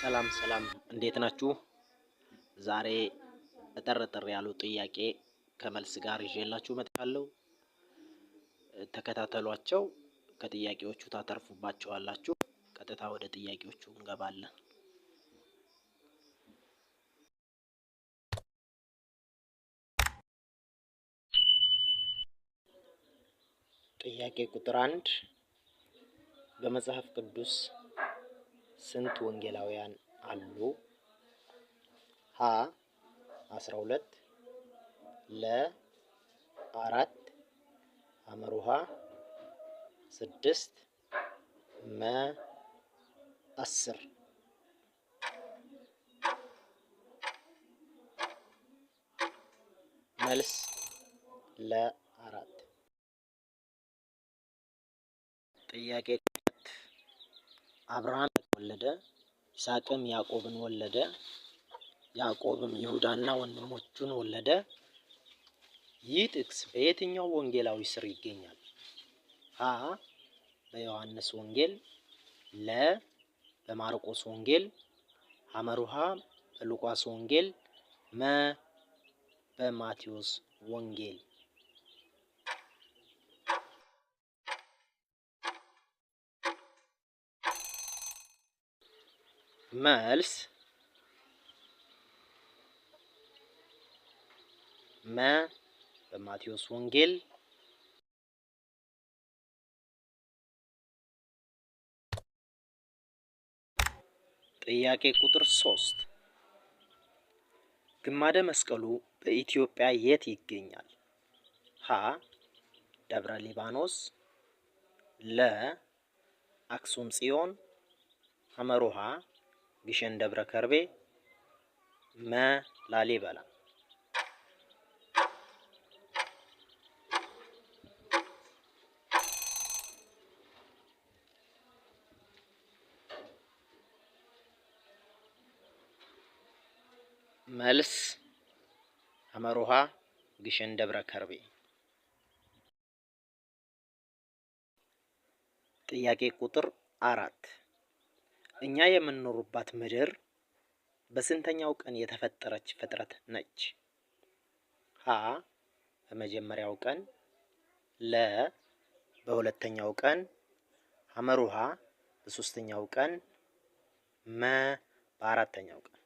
ሰላም ሰላም፣ እንዴት ናችሁ? ዛሬ እጠር እጠር ያሉ ጥያቄ ከመልስ ጋር ይዤላችሁ መጥቻለሁ። ተከታተሏቸው፣ ከጥያቄዎቹ ታተርፉባቸዋላችሁ። ቀጥታ ወደ ጥያቄዎቹ እንገባለን። ጥያቄ ቁጥር አንድ በመጽሐፍ ቅዱስ ስንት ወንጌላውያን አሉ? ሀ 12 ለ አራት አመሩሃ ስድስት መ አስር መልስ ለአራት ጥያቄ አብርሃም ወለደ፣ ይስሐቅም ያዕቆብን ወለደ፣ ያዕቆብም ይሁዳና ወንድሞቹን ወለደ። ይህ ጥቅስ በየትኛው ወንጌላዊ ስር ይገኛል? ሀ በዮሐንስ ወንጌል፣ ለ በማርቆስ ወንጌል፣ ሐመሩሃ በሉቃስ ወንጌል፣ መ በማቴዎስ ወንጌል መልስ መ በማቴዎስ ወንጌል ጥያቄ ቁጥር ሶስት ግማደ መስቀሉ በኢትዮጵያ የት ይገኛል? ሀ ደብረ ሊባኖስ፣ ለ አክሱም ጽዮን፣ ሐመሮሃ ግሸን ደብረ ከርቤ መ ላሊበላ መልስ አመሮሃ ግሸን ደብረ ከርቤ። ጥያቄ ቁጥር አራት እኛ የምንኖርባት ምድር በስንተኛው ቀን የተፈጠረች ፍጥረት ነች? ሀ በመጀመሪያው ቀን፣ ለ በሁለተኛው ቀን፣ ሐመሩሃ በሶስተኛው ቀን፣ መ በአራተኛው ቀን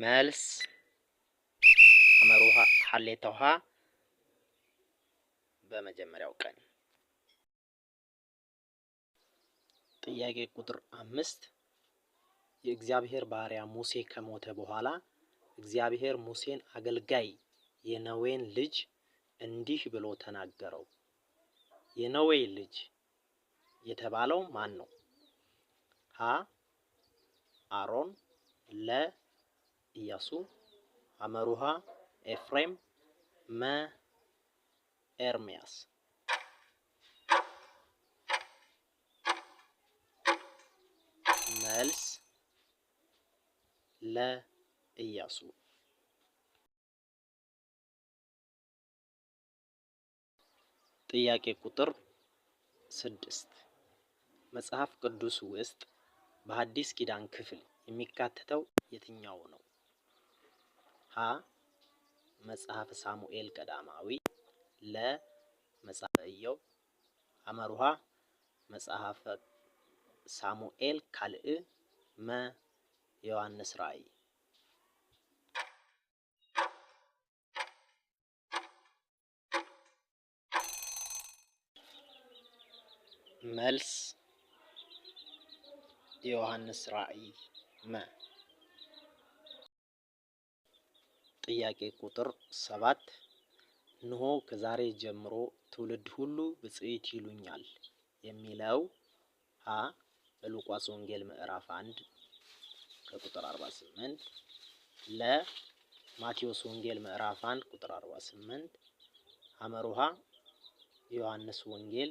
መልስ ሐመሩሃ ሀሌታ ውሃ በመጀመሪያው ቀን። ጥያቄ ቁጥር አምስት የእግዚአብሔር ባሪያ ሙሴ ከሞተ በኋላ እግዚአብሔር ሙሴን አገልጋይ የነዌን ልጅ እንዲህ ብሎ ተናገረው። የነዌ ልጅ የተባለው ማን ነው? ሀ አሮን፣ ለ ኢያሱ አመሩሃ ኤፍሬም መ ኤርሚያስ መልስ ኢያሱ። ጥያቄ ቁጥር ስድስት መጽሐፍ ቅዱስ ውስጥ በአዲስ ኪዳን ክፍል የሚካተተው የትኛው ነው? ሀ መጽሐፍ ሳሙኤል ቀዳማዊ ለ መጽሐፈ ኢዮብ አመሩሃ መጽሐፈ ሳሙኤል ካልእ መ ዮሐንስ ራእይ መልስ ዮሐንስ ራእይ መ ጥያቄ ቁጥር ሰባት እነሆ ከዛሬ ጀምሮ ትውልድ ሁሉ ብፅዕት ይሉኛል የሚለው ሀ በሉቃስ ወንጌል ምዕራፍ አንድ ከቁጥር 48 ለ ማቴዎስ ወንጌል ምዕራፍ አንድ ቁጥር 48 አመሩሃ ዮሐንስ ወንጌል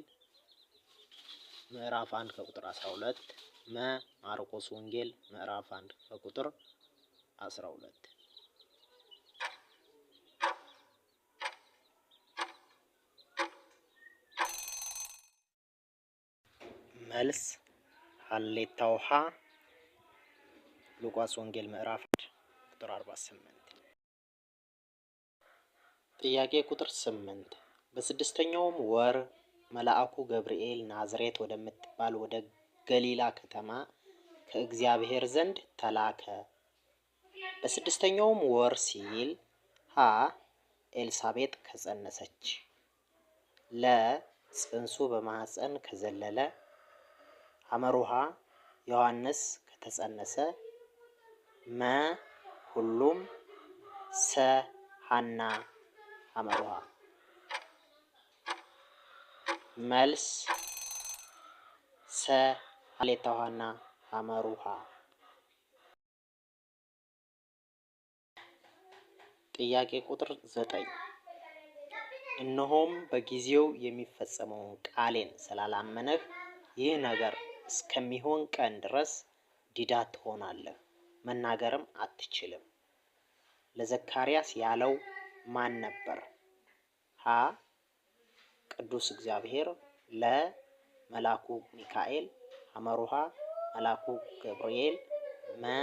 ምዕራፍ አንድ ከቁጥር ሁለት መ ማርቆስ ወንጌል ምዕራፍ አንድ ከቁጥር 12 ጠልስ ሀሌታ ውሃ ሉቃስ ወንጌል ምዕራፍ ቁጥር 48። ጥያቄ ቁጥር 8 በስድስተኛውም ወር መልአኩ ገብርኤል ናዝሬት ወደምትባል ወደ ገሊላ ከተማ ከእግዚአብሔር ዘንድ ተላከ። በስድስተኛውም ወር ሲል ሀ ኤልሳቤጥ ከጸነሰች፣ ለ ጽንሱ በማህፀን ከዘለለ አመሩሃ ዮሐንስ ከተጸነሰ መ ሁሉም ሰ ሐና አመሩሃ መልስ ሰ ሀሌታ ሐና አመሩሃ ጥያቄ ቁጥር ዘጠኝ እነሆም በጊዜው የሚፈጸመውን ቃሌን ስላላመነህ ይህ ነገር እስከሚሆን ቀን ድረስ ዲዳ ትሆናለህ፣ መናገርም አትችልም። ለዘካርያስ ያለው ማን ነበር? ሀ ቅዱስ እግዚአብሔር፣ ለ መላኩ ሚካኤል፣ ሐመሩሃ መላኩ ገብርኤል፣ መ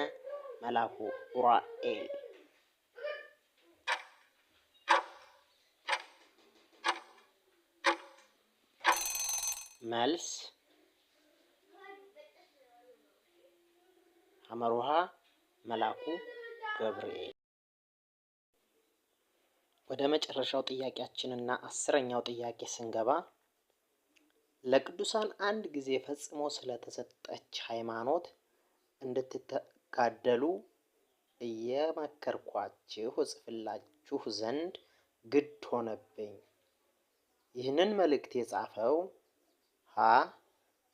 መላኩ ኡራኤል። መልስ አመሮሃ መላኩ ገብርኤል። ወደ መጨረሻው ጥያቄያችንና አስረኛው ጥያቄ ስንገባ ለቅዱሳን አንድ ጊዜ ፈጽሞ ስለተሰጠች ሃይማኖት እንድትጋደሉ እየመከርኳችሁ እጽፍላችሁ ዘንድ ግድ ሆነብኝ። ይህንን መልእክት የጻፈው ሀ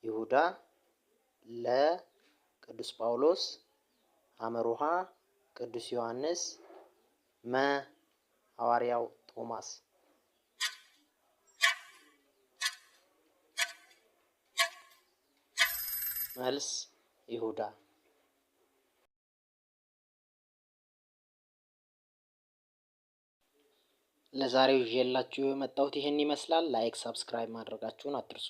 ይሁዳ ለ ቅዱስ ጳውሎስ፣ አመሩሃ፣ ቅዱስ ዮሐንስ፣ መ ሐዋርያው ቶማስ መልስ ይሁዳ ለዛሬው ይዤላችሁ የመጣሁት ይህን ይመስላል። ላይክ፣ ሰብስክራይብ ማድረጋችሁን አትርሱ።